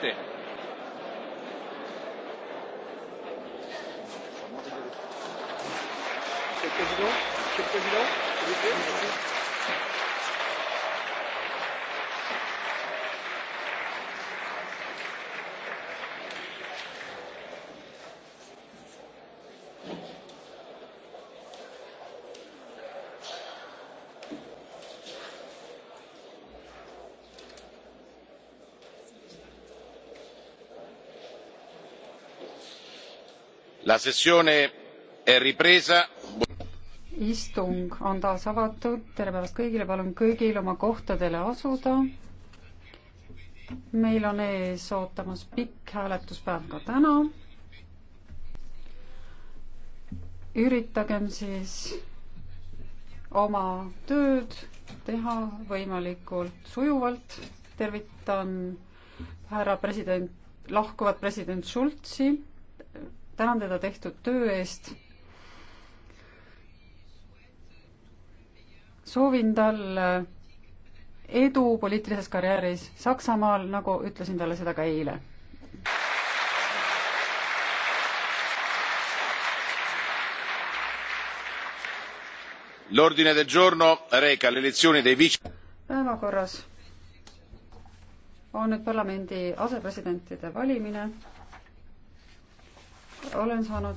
Presidente. Monsieur le Président, Monsieur le Président, s'il vous plaît. La sessione è ripresa. istung on taas avatud, tere päevast kõigile, palun kõigil oma kohtadele asuda. meil on ees ootamas pikk hääletuspäev ka täna. üritagem siis oma tööd teha võimalikult sujuvalt. tervitan härra president, lahkuvat president Schultzi tänan teda tehtud töö eest. soovin talle eh, edu poliitilises karjääris Saksamaal, nagu ütlesin talle seda ka eile. L'ordine del giorno reca l'elezione dei vice päevakorras on nüüd parlamendi asepresidentide valimine olen saanud